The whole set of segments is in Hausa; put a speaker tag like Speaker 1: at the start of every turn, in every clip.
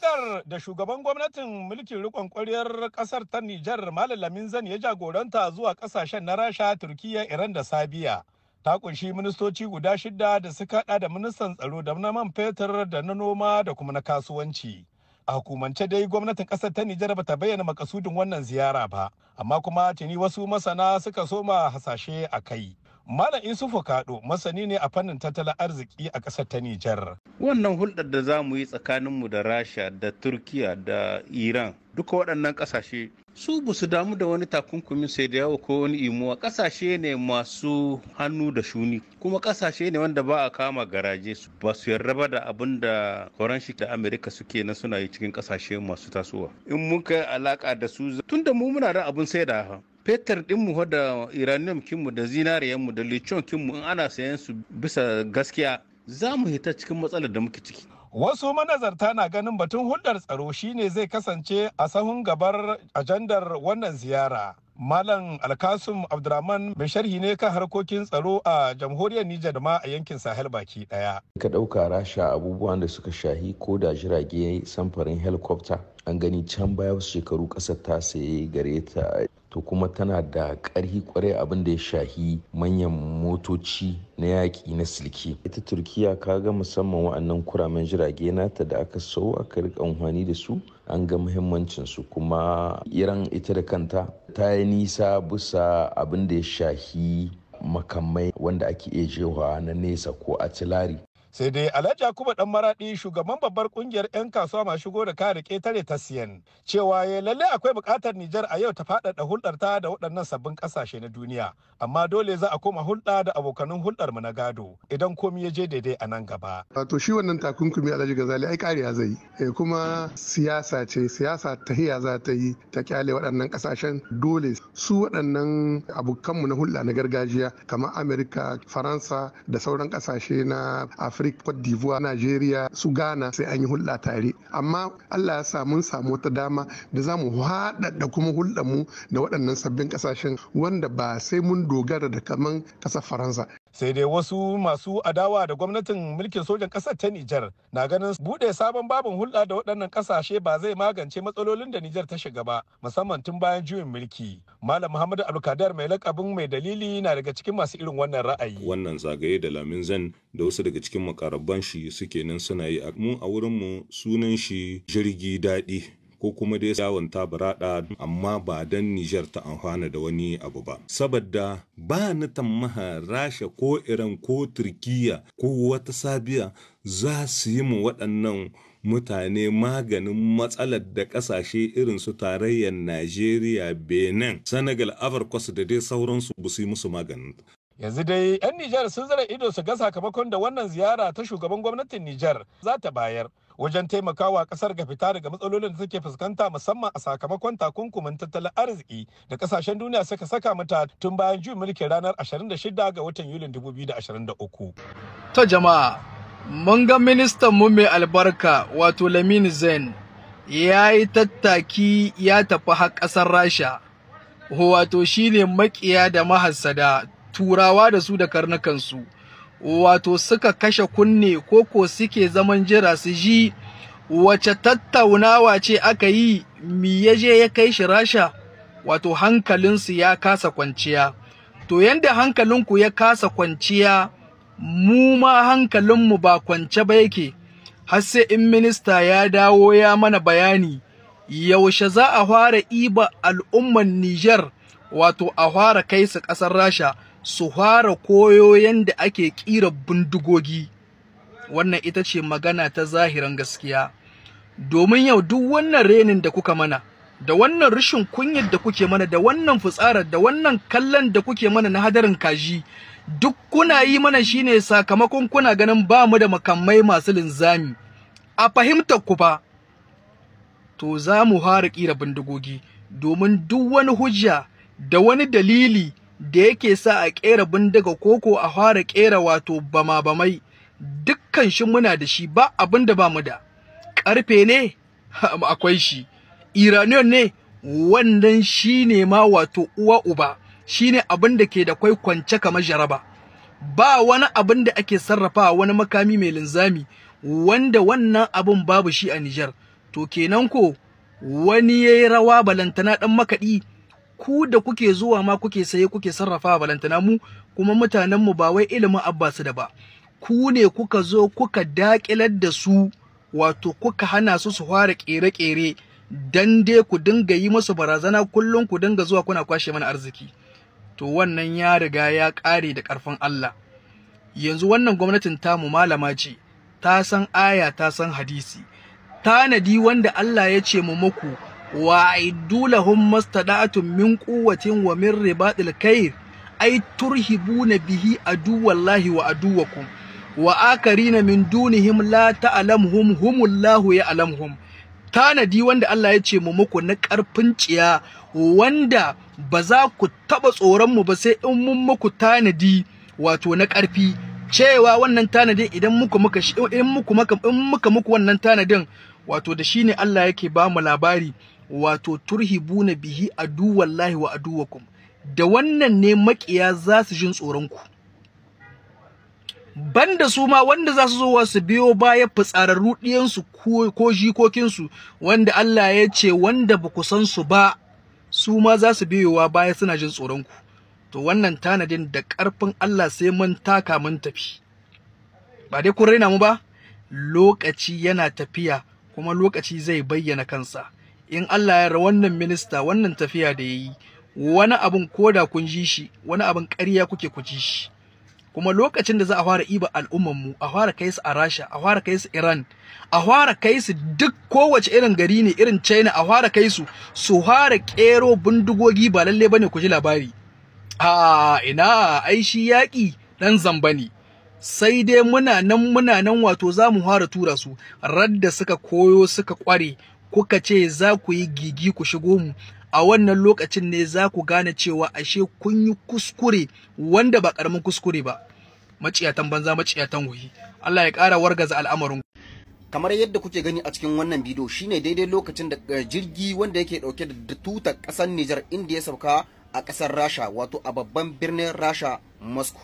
Speaker 1: hadar da shugaban gwamnatin mulkin rikon kwaryar kasar ta Nijar Malam Zan ya jagoranta zuwa kasashen na Rasha, Turkiyya, Iran da Sabiya. Ta kunshi ministoci guda shida da suka hada da ministan tsaro da na man fetur da na noma da kuma na kasuwanci. A hukumance dai gwamnatin kasar ta Nijar ta bayyana makasudin wannan ziyara ba, amma kuma tuni wasu masana suka soma hasashe a kai. Malam Isufu Kado masani ne a fannin tattalin arziki a ƙasar ta Nijar. Wannan hulɗar da za mu yi tsakaninmu da Rasha da Turkiya da Iran duka waɗannan ƙasashe su bu su damu da wani takunkumin sai da yawo ko wani imuwa ƙasashe ne masu hannu da shuni kuma ƙasashe ne wanda ba a kama garaje su ba su yarda ba da abin da faranshi da amerika suke na suna yi cikin ƙasashe masu tasowa in muka alaƙa da su tun da mu muna da abin sai da fetur dinmu da iranium kinmu da zinariyanmu da lithium kinmu in ana sayan su bisa gaskiya za mu hita cikin matsalar da muke ciki wasu manazarta na ganin batun hulɗar tsaro shine zai kasance a sahun gabar ajandar wannan ziyara Malam Alkasum Abdurrahman mai sharhi ne kan harkokin tsaro a jamhuriyar Nijar da ma a yankin Sahel baki daya.
Speaker 2: Ka ɗauka rasha abubuwan da suka shahi ko da jirage samfarin helikopta an gani can baya wasu shekaru ƙasar ta saye gare ta to kuma tana da ƙarhi ƙwarai abin da ya shahi manyan motoci na yaƙi na silki. ita turkiya ga musamman wa'annan kuramen jirage nata da aka sau aka rika amfani da su an ga muhimmancin su kuma iran ita da kanta ta yi nisa bisa abin da ya shahi makamai wanda ake iya jewa na nesa ko atilari
Speaker 1: sai dai alhaji yakubu dan maradi shugaban babbar kungiyar 'yan kasuwa masu shigo da kare ketare ta siyan cewa ya lalle akwai bukatar nijar a yau ta faɗaɗa hulɗar ta da waɗannan sabbin ƙasashe na duniya amma dole za a koma hulɗa da abokanin hulɗar mu na gado idan komi ya je daidai a nan gaba wato shi wannan takunkumi alhaji gazali ai kariya zai eh, kuma siyasa ce siyasa ta hiya za ta yi ta kyale waɗannan ƙasashen dole su waɗannan abokanmu na hulɗa na gargajiya kamar amerika faransa da sauran ƙasashe na afirka Afrique, Cote d'Ivoire, Nigeria, su Ghana sai an yi hulɗa tare. Amma Allah ya sa mun samu wata dama da za mu haɗaɗa kuma hulɗa mu da waɗannan sabbin ƙasashen wanda ba sai mun dogara da kaman ƙasar Faransa. sai dai wasu masu adawa da gwamnatin mulkin sojan ƙasar ta Nijar na ganin buɗe sabon babin hulɗa da waɗannan ƙasashe ba zai magance matsalolin da Nijar ta shiga ba musamman tun bayan juyin mulki. Malam Muhammadu Abdulkadir mai lakabin mai dalili na daga cikin masu irin wannan ra'ayi. Wannan zagaye da Lamin Zan da wasu daga cikin makarabban shi suke nan suna yi mu a wurin mu sunan shi jirgi daɗi ko kuma dai yawon ta burada amma ba dan Nijar ta amfana da wani abu ba saboda ba ni tammaha Rasha ko Iran ko Turkiya ko wata Sabiya za su yi mu waɗannan mutane maganin matsalar da ƙasashe irin su tarayyar Najeriya, Benin, Senegal, Afirkos da dai sauransu ba su yi musu maganin. yanzu dai 'yan nijar sun zara ido su ga sakamakon da wannan ziyara ta shugaban gwamnatin nijar za ta bayar wajen taimakawa kasar ga fita daga matsalolin da take fuskanta musamman a sakamakon takunkumin tattalin arziki da kasashen duniya suka saka mata tun bayan juyin mulkin ranar 26 ga watan yulin 2023.
Speaker 2: Ta jama'a, mun ga ministan mu mai albarka wato Lamin Zain ya yi tattaki ya tafi har kasar Rasha, wato shine makiya da mahassada turawa da su da karnukansu. wato suka kashe kunne koko suke zaman jira su ji wace tattaunawa ce aka yi mi ya je ya kai shi rasha wato hankalinsu ya kasa kwanciya to yanda hankalinku ya kasa kwanciya mu ma hankalinmu ba kwance ba yake har sai in minista ya dawo ya mana bayani yaushe za a fara iba al'ummar Nijar wato a fara kai su ƙasar Rasha su fara koyo yadda ake ƙira bindigogi wannan ita ce magana ta zahiran gaskiya domin yau duk wannan renin da kuka mana da wannan rashin kunyar da kuke mana da wannan fitsarar da wannan kallon da kuke mana na hadarin kaji duk kuna yi mana shine sakamakon kuna ganin ba mu da makamai masu linzami a fahimtar ku fa to za mu fara ƙira bindigogi domin duk wani hujja da wani dalili da yake sa a ƙera bindiga koko a fara ƙera wato bama-bamai dukkan shi muna da shi ba abin da ba mu da ƙarfe ne akwai shi iraniyon ne wannan shi ne ma wato uwa uba shi ne abin da ke da kwai kwance kamar jaraba ba wani abin da ake sarrafa wani makami mai linzami wanda wannan abin babu shi a Nijar to kenan ko wani ya yi rawa balantana ɗan makaɗi ku da kuke zuwa ma kuke saye kuke sarrafa balantana mu kuma mutanen mu ba wai ilimin abbasu da ba ku ne kuka zo kuka dakilar da su wato kuka hana su su fara kere-kere dan dai ku dinga yi musu barazana kullum ku dinga zuwa kuna kwashe mana arziki to wannan ya riga ya ƙare da karfin Allah yanzu wannan gwamnatin ta mu malama ce ta san aya ta san hadisi tanadi wanda Allah ya ce mu muku wa aiddu lahum mastada'atun min quwwatin wa min ribatil kayr ay turhibuna bihi wallahi wa aduwakum wa akarina min dunihim la ta'lamuhum humullahu ya'lamuhum tanadi wanda Allah ya ce mu muku na karfin tsiya wanda ba za ku taba tsoron mu ba sai in mun muku tanadi wato na karfi cewa wannan tanadin idan muka muka in muka muka wannan tanadin wato da shine Allah yake ba mu labari wato turhi buna bihi aduwallahi wa aduwakum da wannan ne makiya za su jin tsoron ku banda su ma wanda za su zo su biyo baya fitsararru ɗiyansu ko jikokinsu wanda Allah ya ce wanda ba ku san su ba su ma za su biyowa baya suna jin tsoronku to wannan tanadin da ƙarfin Allah sai mun taka mun tafi ba dai kun raina mu ba lokaci yana tafiya kuma lokaci zai bayyana kansa in Allah ya wannan minista wannan tafiya da ya yi wani abin koda kun ji shi wani abin ƙarya kuke ku ji shi kuma lokacin da za a fara iba al'umman mu a fara kai su a Rasha a fara kai su Iran a fara kai su duk kowace irin gari ne irin China a fara kai su su fara ƙero bindigogi ba lalle ne ku ji labari a ina ai shi yaƙi. dan zamba ne sai dai muna nan muna nan wato za mu fara tura su radda suka koyo suka kware kuka ce za ku yi gigi ku shigo mu a wannan lokacin ne za ku gane cewa ashe kun yi kuskure wanda ba karamin kuskure ba
Speaker 3: maciyatan banza maciyatan wuyi Allah ya ƙara wargaza al'amarin kamar yadda kuke gani a cikin wannan bidiyo shine daidai lokacin da eh, jirgi wanda yake dauke da tutar ƙasar Nijar inda ya sauka a ƙasar Rasha wato a babban birnin Rasha Moscow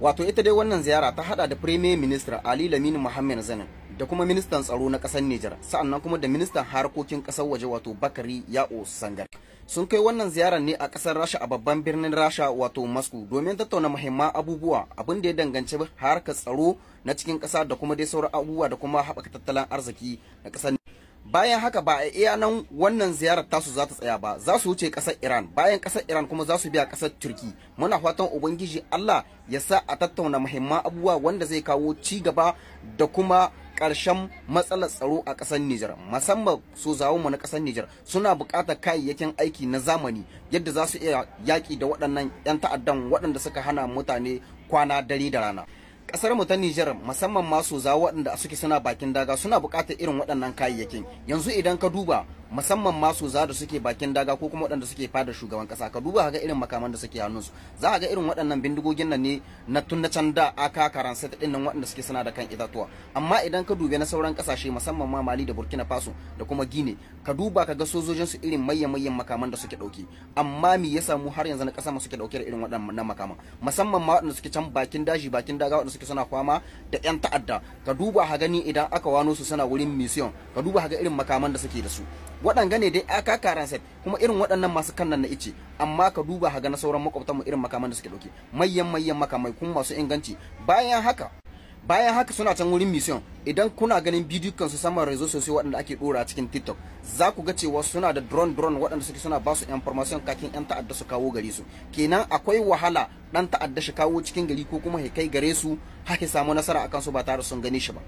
Speaker 3: wato ita dai wannan ziyara ta hada da Premier Minister Ali Lamini Mohammed Zanin da kuma ministan tsaro na kasar Nijar sa'annan kuma da ministan harkokin kasar waje wato Bakari Ya'o Sangar sun kai wannan ziyarar ne a kasar Rasha a babban birnin Rasha wato Moscow domin tattauna muhimman abubuwa abin da ya danganci harkar tsaro na cikin kasa da kuma dai sauran abubuwa da kuma haɓaka tattalin arziki na kasar bayan haka ba a iya nan wannan ziyarar tasu za ta tsaya ba za su wuce kasar Iran bayan kasar Iran kuma za su biya kasar Turki muna fatan ubangiji Allah ya sa a tattauna muhimman abubuwa wanda zai kawo ci gaba da kuma karshen matsalar tsaro a ƙasar Nijar musamman su mu na kasar Nijar suna buƙatar kayayyakin aiki na zamani yadda za su iya yaƙi da waɗannan 'yan ta'addan waɗanda suka hana mutane kwana dare da rana. kasar mu ta Nijar musamman masu zawo waɗanda suke suna bakin daga suna buƙatar irin waɗannan kayayyakin yanzu idan ka duba musamman masu za da suke bakin daga ko kuma waɗanda suke fada shugaban kasa ka duba ga irin makaman da suke hannunsu za ga irin waɗannan bindigogin nan ne na tun na can da aka karan sai ɗin nan waɗanda suke suna da kan itatuwa amma idan ka dubi na sauran kasashe musamman ma Mali da Burkina Faso da kuma Gine ka duba ka ga sojojin su irin mayyan mayyan makaman da suke dauke amma me ya samu har yanzu na ƙasa ma suke ɗauke da irin waɗannan makaman musamman ma waɗanda suke can bakin daji bakin daga waɗanda suke suna kwama da ƴan ta'adda ka duba ha gani idan aka wano su suna wurin mission ka duba ha ga irin makaman da suke da su waɗanga ne dai aka karan set kuma irin waɗannan masu kannan na ice amma ka duba haga na sauran makwabtan mu irin makaman da suke dauke mayyan mayyan makamai kuma masu inganci bayan haka bayan haka suna can wurin mission idan kuna ganin bidiyon su saman rezo sosai waɗanda ake dora cikin tiktok za ku ga cewa suna da drone drone waɗanda suke suna basu information kakin yan ta'adda su kawo gare su kenan akwai wahala dan ta'adda shi kawo cikin gari ko kuma kai gare su haka samu nasara akan su ba tare sun gane shi ba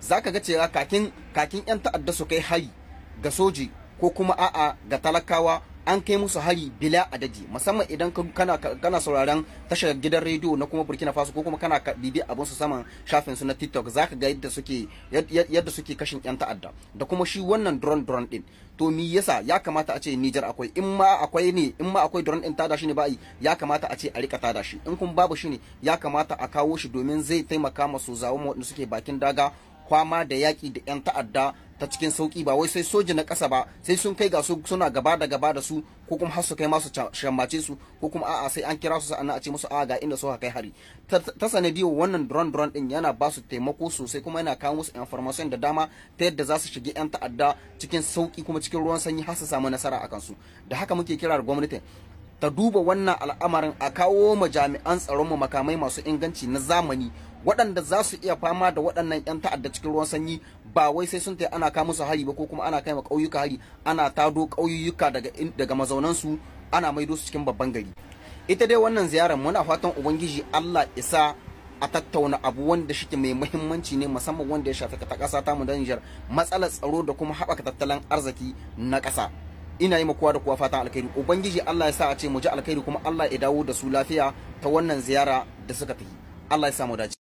Speaker 3: za ka ga cewa kakin kakin yan ta'adda su kai hari ga soji ko kuma a'a ga talakawa an kai musu hari bila adadi musamman idan kana kana sauraron tashar gidan rediyo na kuma Burkina Faso ko kuma kana bibi abin su saman shafin su na TikTok zaka ga yadda suke yadda suke kashin yan ta'adda da kuma shi wannan drone drone din to me yasa ya kamata a ce Niger akwai in ma akwai ne in ma akwai drone din tada shi ne ba'i ya kamata a ce a rika tada shi in kun babu shi ne ya kamata a kawo shi domin zai taimaka masu zawo waɗanda suke bakin daga kwama da yaki da yan ta'adda ta cikin sauki ba wai sai soji na ƙasa ba sai sun kai ga su suna gaba da gaba da su ko kuma har su kai masu shammace su ko kuma a'a sai an kira su sa'annan a ce musu a'a ga inda suka kai hari ta sanadiyar wannan drone drone din yana ba su taimako sosai kuma yana kawo musu information da dama ta yadda za su shige yan ta'adda cikin sauki kuma cikin ruwan sanyi har su samu nasara akan su da haka muke kira da gwamnatin ta duba wannan al'amarin a kawo ma jami'an tsaronmu makamai masu inganci na zamani waɗanda za su iya fama da waɗannan 'yan ta'adda cikin ruwan sanyi ba wai sai sun tai ana kawo musu hari ba ko kuma ana kai ma ƙauyuka hari ana tado ƙauyuka daga daga mazaunansu ana maido su cikin babban gari ita dai wannan ziyarar muna fatan ubangiji Allah isa a tattauna abu wanda shi mai muhimmanci ne musamman wanda ya shafi ta ƙasa ta mu da Nijar matsalar tsaro da kuma haɓaka tattalin arziki na ƙasa. ina yi makuwa da kuwa fatan alkhairi ubangiji Allah ya sa a ce mu ji alkhairi kuma Allah ya dawo da su lafiya ta wannan ziyara da suka tafi Allah ya sa dace